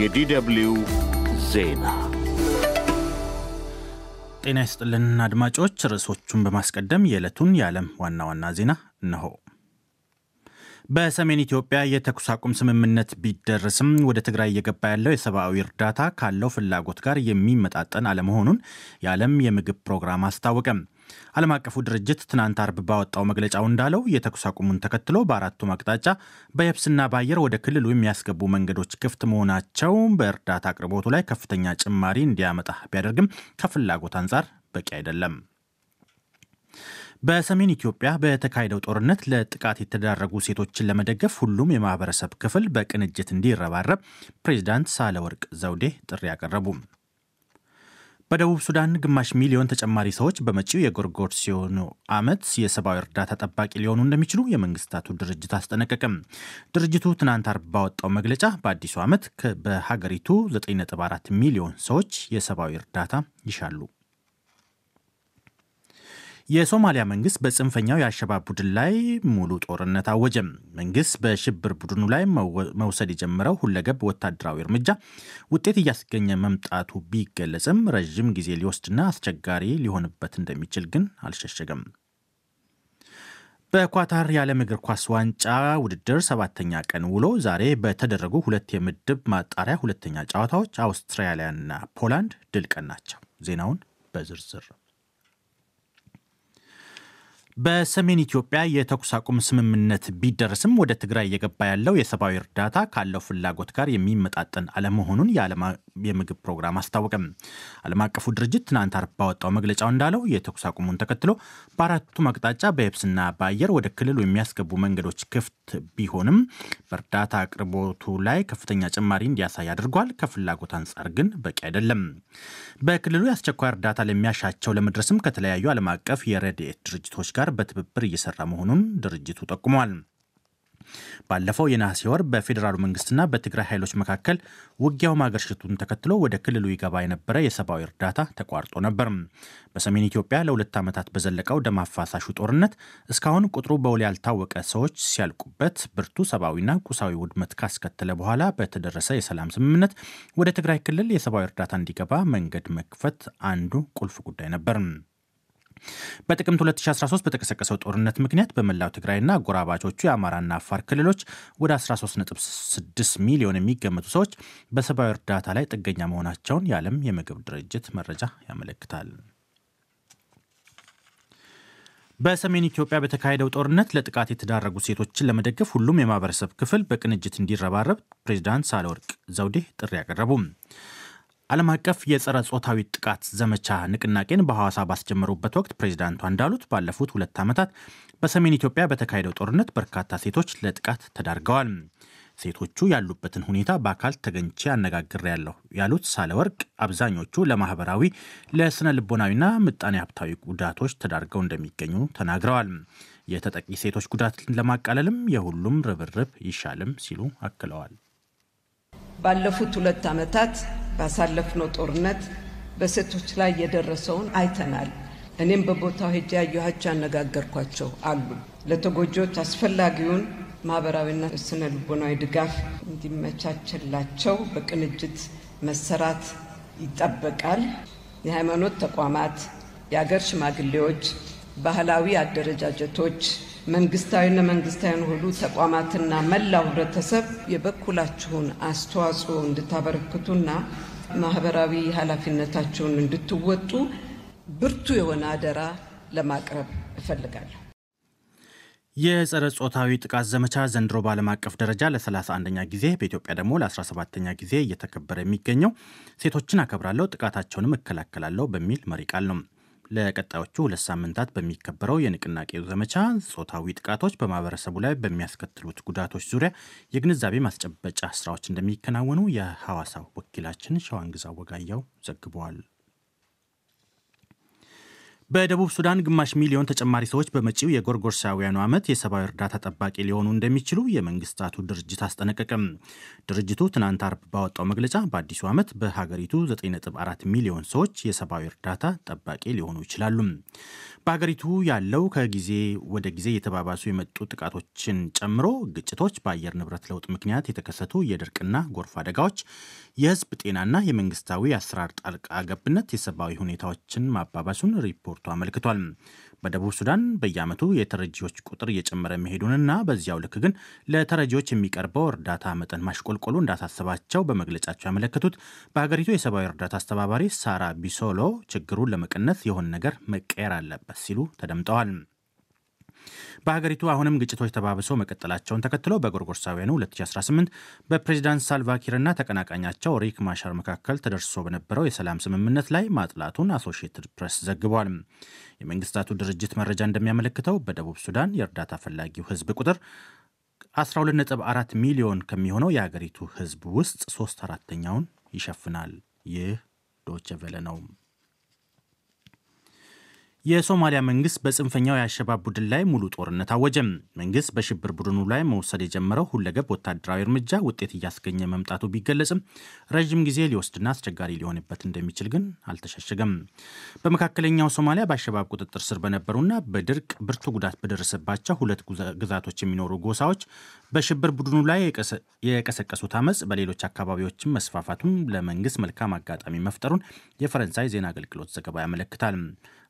የዲደብልዩ ዜና ጤና ይስጥልን አድማጮች። ርዕሶቹን በማስቀደም የዕለቱን የዓለም ዋና ዋና ዜና እነሆ። በሰሜን ኢትዮጵያ የተኩስ አቁም ስምምነት ቢደረስም ወደ ትግራይ እየገባ ያለው የሰብአዊ እርዳታ ካለው ፍላጎት ጋር የሚመጣጠን አለመሆኑን የዓለም የምግብ ፕሮግራም አስታወቀም። ዓለም አቀፉ ድርጅት ትናንት አርብ ባወጣው መግለጫው እንዳለው የተኩስ አቁሙን ተከትሎ በአራቱም አቅጣጫ በየብስና በአየር ወደ ክልሉ የሚያስገቡ መንገዶች ክፍት መሆናቸው በእርዳታ አቅርቦቱ ላይ ከፍተኛ ጭማሪ እንዲያመጣ ቢያደርግም ከፍላጎት አንጻር በቂ አይደለም። በሰሜን ኢትዮጵያ በተካሄደው ጦርነት ለጥቃት የተዳረጉ ሴቶችን ለመደገፍ ሁሉም የማህበረሰብ ክፍል በቅንጅት እንዲረባረብ ፕሬዚዳንት ሳህለወርቅ ዘውዴ ጥሪ አቀረቡ። በደቡብ ሱዳን ግማሽ ሚሊዮን ተጨማሪ ሰዎች በመጪው የጎርጎር ሲሆኑ ዓመት የሰብአዊ እርዳታ ጠባቂ ሊሆኑ እንደሚችሉ የመንግስታቱ ድርጅት አስጠነቀቅም። ድርጅቱ ትናንት አርብ ባወጣው መግለጫ በአዲሱ ዓመት በሀገሪቱ 9.4 ሚሊዮን ሰዎች የሰብአዊ እርዳታ ይሻሉ። የሶማሊያ መንግስት በጽንፈኛው የአሸባብ ቡድን ላይ ሙሉ ጦርነት አወጀም። መንግስት በሽብር ቡድኑ ላይ መውሰድ የጀመረው ሁለገብ ወታደራዊ እርምጃ ውጤት እያስገኘ መምጣቱ ቢገለጽም ረዥም ጊዜ ሊወስድና አስቸጋሪ ሊሆንበት እንደሚችል ግን አልሸሸገም። በኳታር የዓለም እግር ኳስ ዋንጫ ውድድር ሰባተኛ ቀን ውሎ ዛሬ በተደረጉ ሁለት የምድብ ማጣሪያ ሁለተኛ ጨዋታዎች አውስትራሊያና ፖላንድ ድል ቀናቸው። ዜናውን በዝርዝር በሰሜን ኢትዮጵያ የተኩስ አቁም ስምምነት ቢደርስም ወደ ትግራይ እየገባ ያለው የሰብአዊ እርዳታ ካለው ፍላጎት ጋር የሚመጣጠን አለመሆኑን የምግብ ፕሮግራም አስታወቀም። ዓለም አቀፉ ድርጅት ትናንት አርብ ባወጣው መግለጫው እንዳለው የተኩስ አቁሙን ተከትሎ በአራቱም አቅጣጫ በየብስና በአየር ወደ ክልሉ የሚያስገቡ መንገዶች ክፍት ቢሆንም በእርዳታ አቅርቦቱ ላይ ከፍተኛ ጭማሪ እንዲያሳይ አድርጓል። ከፍላጎት አንጻር ግን በቂ አይደለም። በክልሉ የአስቸኳይ እርዳታ ለሚያሻቸው ለመድረስም ከተለያዩ ዓለም አቀፍ የረድኤት ድርጅቶች ጋር በትብብር እየሰራ መሆኑን ድርጅቱ ጠቁሟል። ባለፈው የነሐሴ ወር በፌዴራሉ መንግስትና በትግራይ ኃይሎች መካከል ውጊያው ማገርሸቱን ተከትሎ ወደ ክልሉ ይገባ የነበረ የሰብአዊ እርዳታ ተቋርጦ ነበር። በሰሜን ኢትዮጵያ ለሁለት ዓመታት በዘለቀው ደም አፋሳሹ ጦርነት እስካሁን ቁጥሩ በውል ያልታወቀ ሰዎች ሲያልቁበት ብርቱ ሰብአዊና ቁሳዊ ውድመት ካስከተለ በኋላ በተደረሰ የሰላም ስምምነት ወደ ትግራይ ክልል የሰብአዊ እርዳታ እንዲገባ መንገድ መክፈት አንዱ ቁልፍ ጉዳይ ነበር። በጥቅምት 2013 በተቀሰቀሰው ጦርነት ምክንያት በመላው ትግራይና አጎራባቾቹ የአማራና አፋር ክልሎች ወደ 136 ሚሊዮን የሚገመቱ ሰዎች በሰብአዊ እርዳታ ላይ ጥገኛ መሆናቸውን የዓለም የምግብ ድርጅት መረጃ ያመለክታል። በሰሜን ኢትዮጵያ በተካሄደው ጦርነት ለጥቃት የተዳረጉ ሴቶችን ለመደገፍ ሁሉም የማህበረሰብ ክፍል በቅንጅት እንዲረባረብ ፕሬዚዳንት ሳህለወርቅ ዘውዴ ጥሪ ያቀረቡ። ዓለም አቀፍ የጸረ ጾታዊ ጥቃት ዘመቻ ንቅናቄን በሐዋሳ ባስጀመሩበት ወቅት ፕሬዚዳንቷ እንዳሉት ባለፉት ሁለት ዓመታት በሰሜን ኢትዮጵያ በተካሄደው ጦርነት በርካታ ሴቶች ለጥቃት ተዳርገዋል። ሴቶቹ ያሉበትን ሁኔታ በአካል ተገኝቼ ያለሁ ያሉት ሳለወርቅ አብዛኞቹ ለማህበራዊ ለስነ ልቦናዊና ምጣኔ ሀብታዊ ጉዳቶች ተዳርገው እንደሚገኙ ተናግረዋል። የተጠቂ ሴቶች ጉዳትን ለማቃለልም የሁሉም ርብርብ ይሻልም ሲሉ አክለዋል። ባለፉት ሁለት ዓመታት ባሳለፍነው ጦርነት በሴቶች ላይ የደረሰውን አይተናል። እኔም በቦታው ሄጄ ያየኋቸው ያነጋገርኳቸው አሉ። ለተጎጂዎች አስፈላጊውን ማህበራዊና ስነ ልቦናዊ ድጋፍ እንዲመቻችላቸው በቅንጅት መሰራት ይጠበቃል። የሃይማኖት ተቋማት፣ የአገር ሽማግሌዎች፣ ባህላዊ አደረጃጀቶች መንግስታዊና መንግስታዊ ሁሉ ተቋማትና መላው ህብረተሰብ የበኩላችሁን አስተዋጽኦ እንድታበረክቱና ማህበራዊ ኃላፊነታችሁን እንድትወጡ ብርቱ የሆነ አደራ ለማቅረብ እፈልጋለሁ። የጸረ ጾታዊ ጥቃት ዘመቻ ዘንድሮ በዓለም አቀፍ ደረጃ ለ31ኛ ጊዜ በኢትዮጵያ ደግሞ ለ17ኛ ጊዜ እየተከበረ የሚገኘው ሴቶችን አከብራለሁ ጥቃታቸውንም እከላከላለሁ በሚል መሪ ቃል ነው። ለቀጣዮቹ ሁለት ሳምንታት በሚከበረው የንቅናቄው ዘመቻ ጾታዊ ጥቃቶች በማህበረሰቡ ላይ በሚያስከትሉት ጉዳቶች ዙሪያ የግንዛቤ ማስጨበጫ ስራዎች እንደሚከናወኑ የሐዋሳው ወኪላችን ሸዋንግዛ ወጋያው ዘግበዋል። በደቡብ ሱዳን ግማሽ ሚሊዮን ተጨማሪ ሰዎች በመጪው የጎርጎርሳውያኑ ዓመት የሰብአዊ እርዳታ ጠባቂ ሊሆኑ እንደሚችሉ የመንግስታቱ ድርጅት አስጠነቀቀም። ድርጅቱ ትናንት አርብ ባወጣው መግለጫ በአዲሱ ዓመት በሀገሪቱ 9.4 ሚሊዮን ሰዎች የሰብአዊ እርዳታ ጠባቂ ሊሆኑ ይችላሉ። በሀገሪቱ ያለው ከጊዜ ወደ ጊዜ እየተባባሱ የመጡ ጥቃቶችን ጨምሮ ግጭቶች፣ በአየር ንብረት ለውጥ ምክንያት የተከሰቱ የድርቅና ጎርፍ አደጋዎች፣ የህዝብ ጤናና የመንግስታዊ አሰራር ጣልቃ ገብነት የሰብአዊ ሁኔታዎችን ማባባሱን ሪፖርቱ አመልክቷል። በደቡብ ሱዳን በየዓመቱ የተረጂዎች ቁጥር እየጨመረ መሄዱንና በዚያው ልክ ግን ለተረጂዎች የሚቀርበው እርዳታ መጠን ማሽቆልቆሉ እንዳሳስባቸው በመግለጫቸው ያመለከቱት በሀገሪቱ የሰብአዊ እርዳታ አስተባባሪ ሳራ ቢሶሎ ችግሩን ለመቀነስ የሆነ ነገር መቀየር አለበት ሲሉ ተደምጠዋል። በሀገሪቱ አሁንም ግጭቶች ተባብሰው መቀጠላቸውን ተከትሎ በጎርጎርሳውያኑ 2018 በፕሬዚዳንት ሳልቫኪርና ተቀናቃኛቸው ሪክ ማሻር መካከል ተደርሶ በነበረው የሰላም ስምምነት ላይ ማጥላቱን አሶሽየትድ ፕሬስ ዘግቧል። የመንግስታቱ ድርጅት መረጃ እንደሚያመለክተው በደቡብ ሱዳን የእርዳታ ፈላጊው ህዝብ ቁጥር 12.4 ሚሊዮን ከሚሆነው የሀገሪቱ ህዝብ ውስጥ ሶስት አራተኛውን ይሸፍናል። ይህ ዶቼ ቬለ ነው። የሶማሊያ መንግስት በጽንፈኛው የአሸባብ ቡድን ላይ ሙሉ ጦርነት አወጀም። መንግስት በሽብር ቡድኑ ላይ መውሰድ የጀመረው ሁለገብ ወታደራዊ እርምጃ ውጤት እያስገኘ መምጣቱ ቢገለጽም ረዥም ጊዜ ሊወስድና አስቸጋሪ ሊሆንበት እንደሚችል ግን አልተሸሸገም። በመካከለኛው ሶማሊያ በአሸባብ ቁጥጥር ስር በነበሩና በድርቅ ብርቱ ጉዳት በደረሰባቸው ሁለት ግዛቶች የሚኖሩ ጎሳዎች በሽብር ቡድኑ ላይ የቀሰቀሱት አመፅ በሌሎች አካባቢዎችም መስፋፋቱም ለመንግስት መልካም አጋጣሚ መፍጠሩን የፈረንሳይ ዜና አገልግሎት ዘገባ ያመለክታል።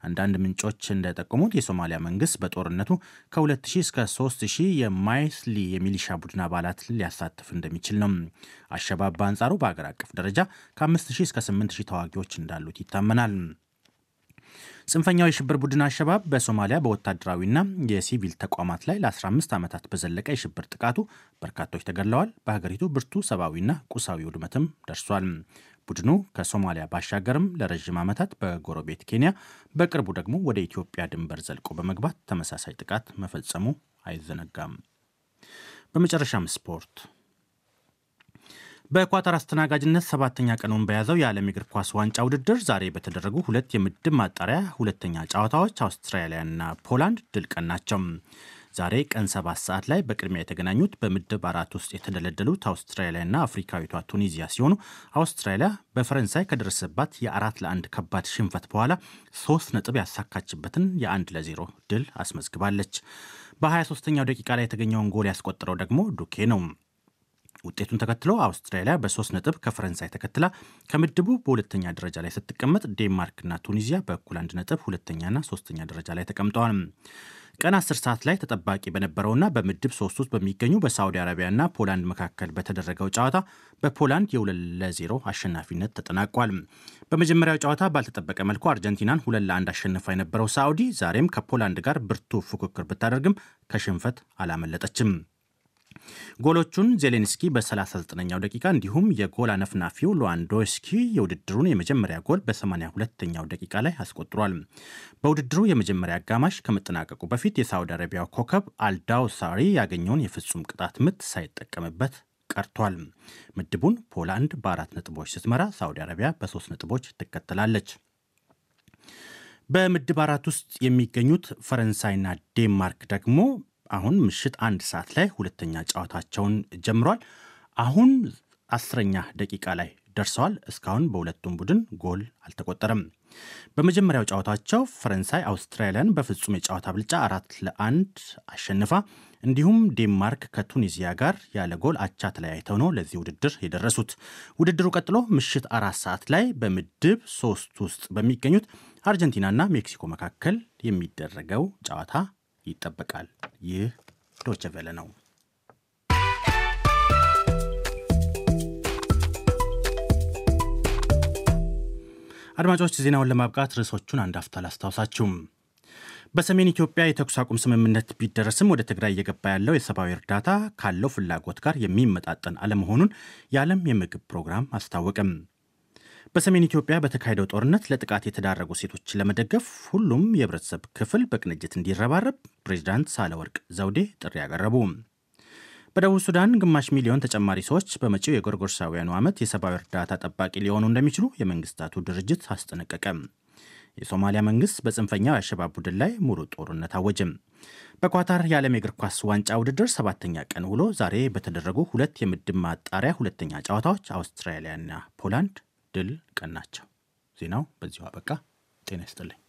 አንዳንድ ምንጮች እንደጠቁሙት የሶማሊያ መንግስት በጦርነቱ ከ2000 እስከ 3000 የማይስሊ የሚሊሻ ቡድን አባላት ሊያሳትፍ እንደሚችል ነው። አሸባብ በአንጻሩ በአገር አቀፍ ደረጃ ከ5000 እስከ 8000 ተዋጊዎች እንዳሉት ይታመናል። ጽንፈኛው የሽብር ቡድን አሸባብ በሶማሊያ በወታደራዊና የሲቪል ተቋማት ላይ ለ15 ዓመታት በዘለቀ የሽብር ጥቃቱ በርካቶች ተገድለዋል። በሀገሪቱ ብርቱ ሰብአዊና ቁሳዊ ውድመትም ደርሷል። ቡድኑ ከሶማሊያ ባሻገርም ለረዥም ዓመታት በጎረቤት ኬንያ፣ በቅርቡ ደግሞ ወደ ኢትዮጵያ ድንበር ዘልቆ በመግባት ተመሳሳይ ጥቃት መፈጸሙ አይዘነጋም። በመጨረሻም ስፖርት በኳታር አስተናጋጅነት ሰባተኛ ቀኑን በያዘው የዓለም እግር ኳስ ዋንጫ ውድድር ዛሬ በተደረጉ ሁለት የምድብ ማጣሪያ ሁለተኛ ጨዋታዎች ና ፖላንድ ድልቀን ናቸው። ዛሬ ቀን ሰባት ሰዓት ላይ በቅድሚያ የተገናኙት በምድብ አራት ውስጥ የተደለደሉት አውስትራሊያና አፍሪካዊቷ ቱኒዚያ ሲሆኑ አውስትራሊያ በፈረንሳይ ከደረሰባት የአራት ለአንድ ከባድ ሽንፈት በኋላ ሶስት ነጥብ ያሳካችበትን የአንድ ለዜሮ ድል አስመዝግባለች። በ23ኛው ደቂቃ ላይ የተገኘውን ጎል ያስቆጠረው ደግሞ ዱኬ ነው። ውጤቱን ተከትሎ አውስትራሊያ በሶስት ነጥብ ከፈረንሳይ ተከትላ ከምድቡ በሁለተኛ ደረጃ ላይ ስትቀመጥ ዴንማርክና ቱኒዚያ በእኩል አንድ ነጥብ ሁለተኛና ሶስተኛ ደረጃ ላይ ተቀምጠዋል። ቀን 10 ሰዓት ላይ ተጠባቂ በነበረውና በምድብ ሶስት ውስጥ በሚገኙ በሳዑዲ አረቢያና ፖላንድ መካከል በተደረገው ጨዋታ በፖላንድ የሁለት 0 አሸናፊነት ተጠናቋል። በመጀመሪያው ጨዋታ ባልተጠበቀ መልኩ አርጀንቲናን ሁለት ለአንድ አሸንፋ የነበረው ሳዑዲ ዛሬም ከፖላንድ ጋር ብርቱ ፉክክር ብታደርግም ከሽንፈት አላመለጠችም። ጎሎቹን ዜሌንስኪ በ39ኛው ደቂቃ እንዲሁም የጎል አነፍናፊው ሉዋንዶስኪ የውድድሩን የመጀመሪያ ጎል በ82ኛው ደቂቃ ላይ አስቆጥሯል። በውድድሩ የመጀመሪያ አጋማሽ ከመጠናቀቁ በፊት የሳውዲ አረቢያው ኮከብ አልዳው ሳሪ ያገኘውን የፍጹም ቅጣት ምት ሳይጠቀምበት ቀርቷል። ምድቡን ፖላንድ በአራት ነጥቦች ስትመራ ሳውዲ አረቢያ በሶስት ነጥቦች ትከተላለች። በምድብ አራት ውስጥ የሚገኙት ፈረንሳይና ዴንማርክ ደግሞ አሁን ምሽት አንድ ሰዓት ላይ ሁለተኛ ጨዋታቸውን ጀምሯል። አሁን አስረኛ ደቂቃ ላይ ደርሰዋል። እስካሁን በሁለቱም ቡድን ጎል አልተቆጠረም። በመጀመሪያው ጨዋታቸው ፈረንሳይ አውስትራሊያን በፍጹም የጨዋታ ብልጫ አራት ለአንድ አሸንፋ እንዲሁም ዴንማርክ ከቱኒዚያ ጋር ያለ ጎል አቻ ተለያይተው ነው ለዚህ ውድድር የደረሱት። ውድድሩ ቀጥሎ ምሽት አራት ሰዓት ላይ በምድብ ሶስት ውስጥ በሚገኙት አርጀንቲናና ሜክሲኮ መካከል የሚደረገው ጨዋታ ይጠበቃል። ይህ ዶቼ ቬለ ነው። አድማጮች ዜናውን ለማብቃት ርዕሶቹን አንድ አፍታ ላስታውሳችሁም። በሰሜን ኢትዮጵያ የተኩስ አቁም ስምምነት ቢደረስም ወደ ትግራይ እየገባ ያለው የሰብአዊ እርዳታ ካለው ፍላጎት ጋር የሚመጣጠን አለመሆኑን የዓለም የምግብ ፕሮግራም አስታወቅም። በሰሜን ኢትዮጵያ በተካሄደው ጦርነት ለጥቃት የተዳረጉ ሴቶች ለመደገፍ ሁሉም የህብረተሰብ ክፍል በቅንጅት እንዲረባረብ ፕሬዚዳንት ሳለወርቅ ዘውዴ ጥሪ ያቀረቡ። በደቡብ ሱዳን ግማሽ ሚሊዮን ተጨማሪ ሰዎች በመጪው የጎርጎርሳውያኑ ዓመት የሰብአዊ እርዳታ ጠባቂ ሊሆኑ እንደሚችሉ የመንግስታቱ ድርጅት አስጠነቀቀ። የሶማሊያ መንግስት በጽንፈኛው የአሸባብ ቡድን ላይ ሙሉ ጦርነት አወጅም። በኳታር የዓለም የእግር ኳስ ዋንጫ ውድድር ሰባተኛ ቀን ውሎ ዛሬ በተደረጉ ሁለት የምድብ ማጣሪያ ሁለተኛ ጨዋታዎች አውስትራሊያና ፖላንድ ድል ቀናቸው። ዜናው በዚሁ አበቃ። ጤና ይስጥልኝ።